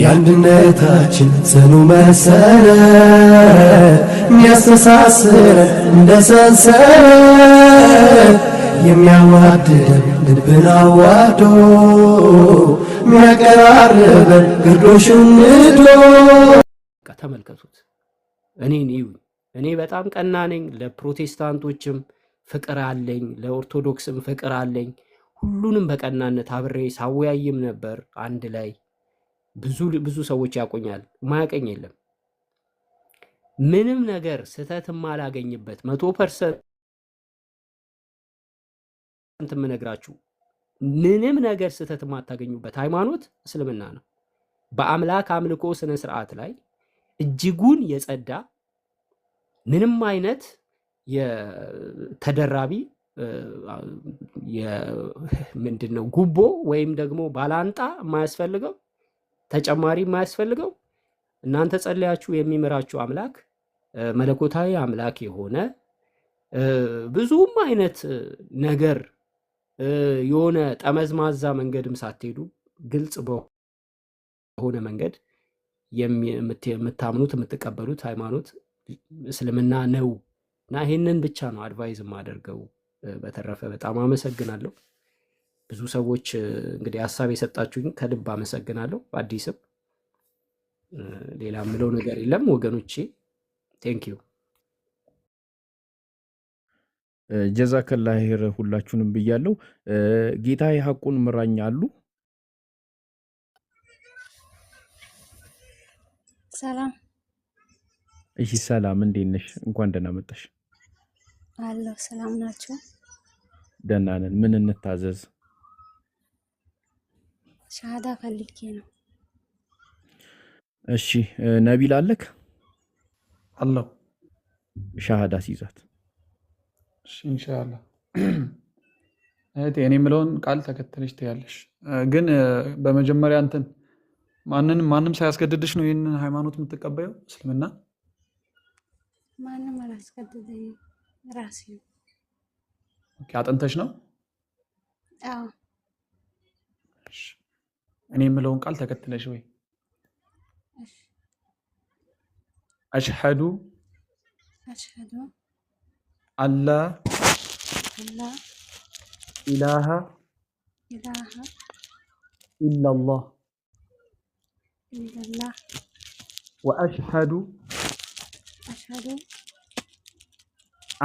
የአንድነታችን ጽኑ መሰረት የሚያስተሳስረን እንደ ሰንሰለት የሚያዋድደን ልብን አዋዶ የሚያቀራርበን ግርዶሽን ንዶ ተመልከቱት። እኔን እዩ። እኔ በጣም ቀና ነኝ። ለፕሮቴስታንቶችም ፍቅር አለኝ፣ ለኦርቶዶክስም ፍቅር አለኝ። ሁሉንም በቀናነት አብሬ ሳወያይም ነበር አንድ ላይ ብዙ ብዙ ሰዎች ያቆኛል። ማያቀኝ የለም። ምንም ነገር ስህተት ማላገኝበት መቶ ፐርሰንት የምነግራችሁ ምንም ነገር ስህተት የማታገኙበት ሃይማኖት እስልምና ነው። በአምላክ አምልኮ ስነ ስርዓት ላይ እጅጉን የጸዳ ምንም አይነት የተደራቢ ምንድን ነው ጉቦ ወይም ደግሞ ባላንጣ የማያስፈልገው ተጨማሪ የማያስፈልገው እናንተ ጸለያችሁ የሚምራችሁ አምላክ መለኮታዊ አምላክ የሆነ ብዙም አይነት ነገር የሆነ ጠመዝማዛ መንገድም ሳትሄዱ ግልጽ በሆነ መንገድ የምታምኑት የምትቀበሉት ሃይማኖት እስልምና ነው እና ይህንን ብቻ ነው አድቫይዝ የማደርገው። በተረፈ በጣም አመሰግናለሁ። ብዙ ሰዎች እንግዲህ ሀሳብ የሰጣችሁኝ ከልብ አመሰግናለሁ። አዲስም ሌላ የምለው ነገር የለም ወገኖቼ፣ ዩ ጀዛከላ ሄር ሁላችሁንም ብያለሁ። ጌታ የሀቁን ምራኝ አሉ። ሰላም። እሺ፣ ሰላም እንዴት ነሽ? እንኳን ደህና መጣሽ። አለሁ። ሰላም ናቸው። ደህና ነን። ምን እንታዘዝ? ሻሃዳ ፈልጌ ነው። እሺ ነቢል አለክ አለው። ሻሃዳ ሲይዛት ኢንሻላህ እህቴ፣ እኔ የምለውን ቃል ተከተለች ትያለሽ። ግን በመጀመሪያ እንትን ማንንም ማንም ሳያስገድድሽ ነው ይህንን ሃይማኖት የምትቀበየው እስልምና? ማንም አላስገድደኝም ራሴ አጥንተሽ ነው? እኔ የምለውን ቃል ተከትለሽ ወይ አሽሐዱ አላ ኢላሃ ኢላላህ ወአሽሐዱ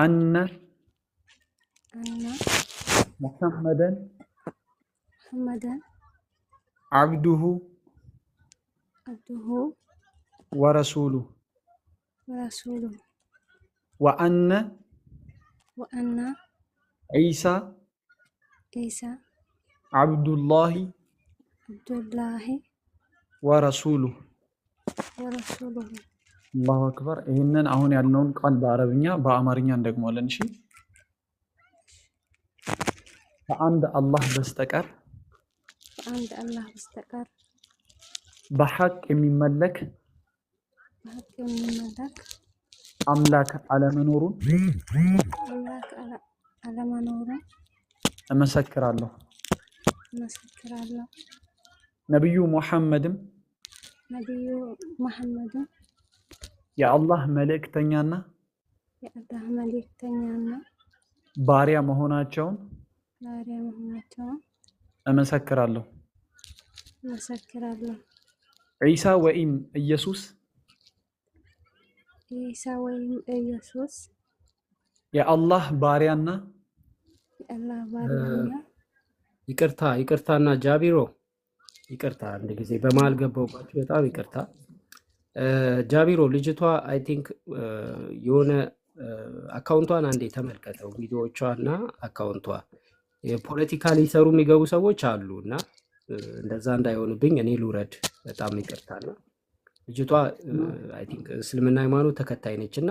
አነ ሙሐመደን عبده عبده ورسوله ورسوله وأن وأن عيسى عيسى عبد الله عبد الله ورسوله ورسوله أكبر አክበር። أهون አሁን قال بعربية በአረብኛ በአማርኛ እንደግሟለን። እሺ فعند الله بستكر ከአንድ አላህ በስተቀር በሐቅ የሚመለክ በሐቅ የሚመለክ አምላክ አለመኖሩን አምላክ አለመኖሩን እመሰክራለሁ እመሰክራለሁ። ነቢዩ ሙሐመድም ነቢዩ ሙሐመድም የአላህ መልእክተኛና የአላህ መልእክተኛና ባሪያ መሆናቸውን ባሪያ መሆናቸውን እመሰክራለሁ መሰክራለሁ። ዒሳ ወይም ኢየሱስ ዒሳ ወይም ኢየሱስ የአላህ ባሪያና የአላህ ባሪያና ይቅርታ ይቅርታና ጃቢሮ ይቅርታ አንድ ጊዜ በመሀል ገባሁባችሁ። በጣም ይቅርታ ጃቢሮ። ልጅቷ አይ ቲንክ የሆነ አካውንቷን አንዴ ተመልከተው ቪዲዮቿ እና አካውንቷ ፖለቲካ ሊሰሩ የሚገቡ ሰዎች አሉ እና እንደዛ እንዳይሆንብኝ እኔ ልውረድ፣ በጣም ይቅርታ። ይቅርታና ልጅቷ እስልምና ሃይማኖት ተከታይ ነች እና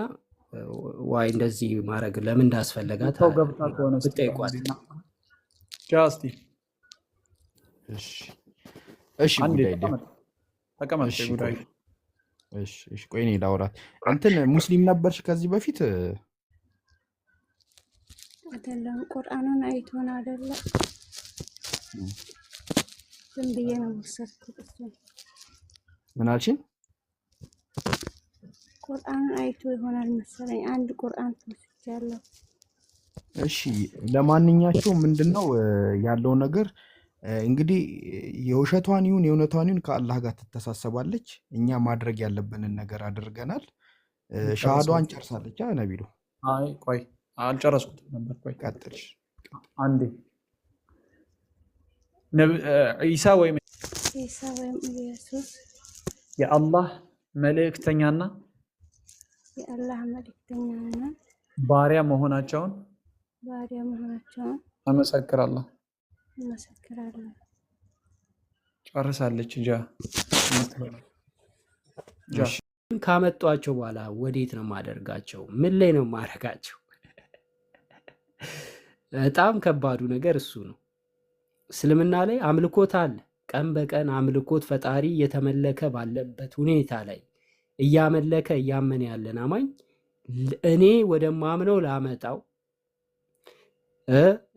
ዋይ እንደዚህ ማድረግ ለምን እንዳስፈለጋት ብጠይቋት። ቆይ እኔ ላውራት። እንትን ሙስሊም ነበርሽ ከዚህ በፊት? አይደለም ቁርአኑን አይቶን አይደለም ዝም ብዬ ነው የወሰድኩት። ምን አልሽኝ? ቁርአን አይቶ ይሆናል መሰለኝ አንድ ቁርአን ተወስጃለሁ። እሺ ለማንኛቸውም ምንድነው ያለው ነገር እንግዲህ የውሸቷን ይሁን የእውነቷን ይሁን ከአላህ ጋር ትተሳሰባለች። እኛ ማድረግ ያለብንን ነገር አድርገናል። ሻሃዷን ጨርሳለች ነቢሉ። አይ ቆይ አልጨረስኩት ነበር። ቆይ ቀጥል አንዴ ዒሳ ወይም የአላህ መልእክተኛና የአላህ መልእክተኛና ባሪያ መሆናቸውን አመሰክራለሁ ጨርሳለች። ካመጧቸው በኋላ ወዴት ነው ማደርጋቸው? ምን ላይ ነው ማደርጋቸው? በጣም ከባዱ ነገር እሱ ነው። እስልምና ላይ አምልኮት አለ። ቀን በቀን አምልኮት ፈጣሪ እየተመለከ ባለበት ሁኔታ ላይ እያመለከ እያመን ያለን አማኝ እኔ ወደማምነው ላመጣው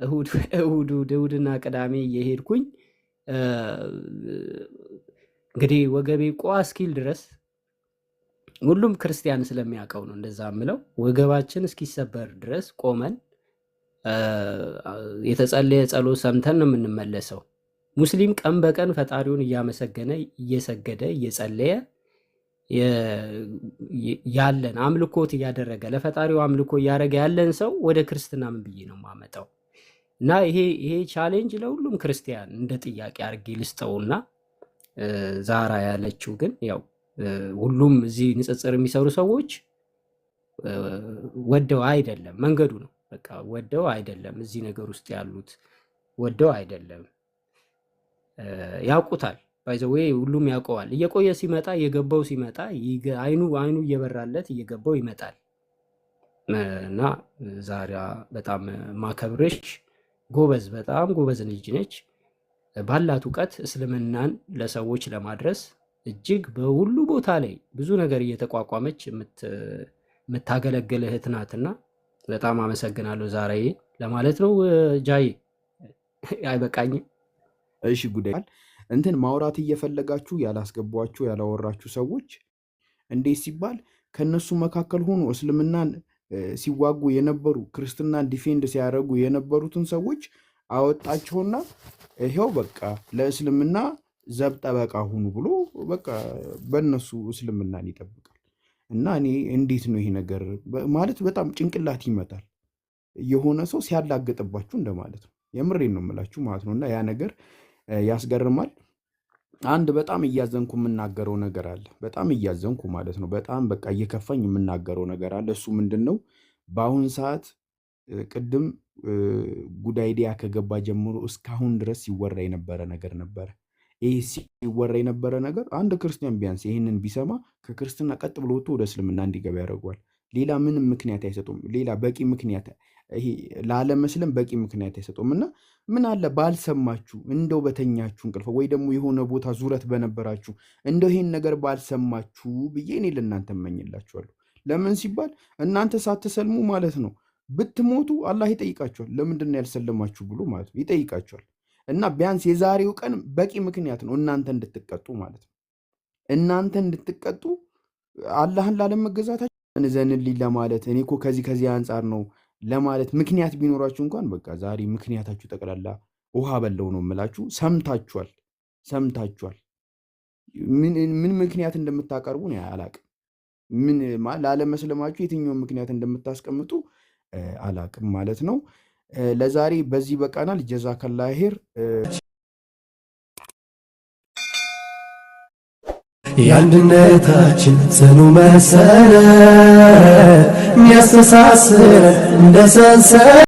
እሁድ እሁድና ቅዳሜ እየሄድኩኝ እንግዲህ ወገቤ ቋ እስኪል ድረስ ሁሉም ክርስቲያን ስለሚያውቀው ነው እንደዛ ምለው፣ ወገባችን እስኪሰበር ድረስ ቆመን የተጸለየ ጸሎት ሰምተን ነው የምንመለሰው። ሙስሊም ቀን በቀን ፈጣሪውን እያመሰገነ እየሰገደ እየጸለየ ያለን አምልኮት እያደረገ ለፈጣሪው አምልኮ እያደረገ ያለን ሰው ወደ ክርስትና ምን ብዬ ነው የማመጣው? እና ይሄ ይሄ ቻሌንጅ ለሁሉም ክርስቲያን እንደ ጥያቄ አድርጌ ልስጠውና ዛራ ያለችው ግን ያው ሁሉም እዚህ ንጽጽር የሚሰሩ ሰዎች ወደው አይደለም መንገዱ ነው በቃ ወደው አይደለም እዚህ ነገር ውስጥ ያሉት ወደው አይደለም ያውቁታል። ባይዘዌ ሁሉም ያውቀዋል። እየቆየ ሲመጣ እየገባው ሲመጣ አይኑ አይኑ እየበራለት እየገባው ይመጣል። እና ዛሬ በጣም ማከብርሽ ጎበዝ፣ በጣም ጎበዝ ልጅ ነች። ባላት እውቀት እስልምናን ለሰዎች ለማድረስ እጅግ በሁሉ ቦታ ላይ ብዙ ነገር እየተቋቋመች የምታገለግል እህት ናትና በጣም አመሰግናለሁ ዛሬ ለማለት ነው። ጃይ አይበቃኝም። እሺ ጉዳይ እንትን ማውራት እየፈለጋችሁ ያላስገቧችሁ ያላወራችሁ ሰዎች እንዴት ሲባል ከእነሱ መካከል ሆኖ እስልምናን ሲዋጉ የነበሩ ክርስትናን ዲፌንድ ሲያደርጉ የነበሩትን ሰዎች አወጣቸውና ይሄው በቃ ለእስልምና ዘብ ጠበቃ ሁኑ ብሎ በቃ በእነሱ እስልምናን ይጠብቃል። እና እኔ እንዴት ነው ይሄ ነገር ማለት በጣም ጭንቅላት ይመጣል? የሆነ ሰው ሲያላገጥባችሁ እንደማለት ነው። የምሬን ነው የምላችሁ ማለት ነው። እና ያ ነገር ያስገርማል። አንድ በጣም እያዘንኩ የምናገረው ነገር አለ። በጣም እያዘንኩ ማለት ነው። በጣም በቃ እየከፋኝ የምናገረው ነገር አለ። እሱ ምንድን ነው? በአሁን ሰዓት ቅድም ጉዳይ ዲያ ከገባ ጀምሮ እስካሁን ድረስ ሲወራ የነበረ ነገር ነበረ። ይህ ሲወራ የነበረ ነገር አንድ ክርስቲያን ቢያንስ ይህንን ቢሰማ ከክርስትና ቀጥ ብሎ ወጥቶ ወደ እስልምና እንዲገባ ያደርገዋል። ሌላ ምንም ምክንያት አይሰጡም። ሌላ በቂ ምክንያት ይሄ ላለመስለም በቂ ምክንያት አይሰጡም። እና ምን አለ ባልሰማችሁ፣ እንደው በተኛችሁ እንቅልፍ ወይ ደግሞ የሆነ ቦታ ዙረት በነበራችሁ እንደው ይሄን ነገር ባልሰማችሁ ብዬ እኔ ለእናንተ እመኝላችኋለሁ። ለምን ሲባል እናንተ ሳትሰልሙ ማለት ነው ብትሞቱ አላህ ይጠይቃችኋል። ለምንድን ነው ያልሰለማችሁ ብሎ ማለት ነው ይጠይቃችኋል። እና ቢያንስ የዛሬው ቀን በቂ ምክንያት ነው እናንተ እንድትቀጡ ማለት ነው። እናንተ እንድትቀጡ አላህን ላለመገዛታችሁ ዘንልኝ ለማለት እኔ እኮ ከዚህ ከዚህ አንጻር ነው ለማለት ምክንያት ቢኖራችሁ እንኳን በቃ ዛሬ ምክንያታችሁ ጠቅላላ ውሃ በለው ነው የምላችሁ። ሰምታችኋል ሰምታችኋል። ምን ምክንያት እንደምታቀርቡ ነው አላቅም። ምን ላለመስለማችሁ የትኛውን ምክንያት እንደምታስቀምጡ አላቅም ማለት ነው። ለዛሬ በዚህ በቃናል። ጀዛከላ ሄር የአንድነታችን ጽኑ መሰረት የሚያስተሳስረን እንደ ሰንሰለት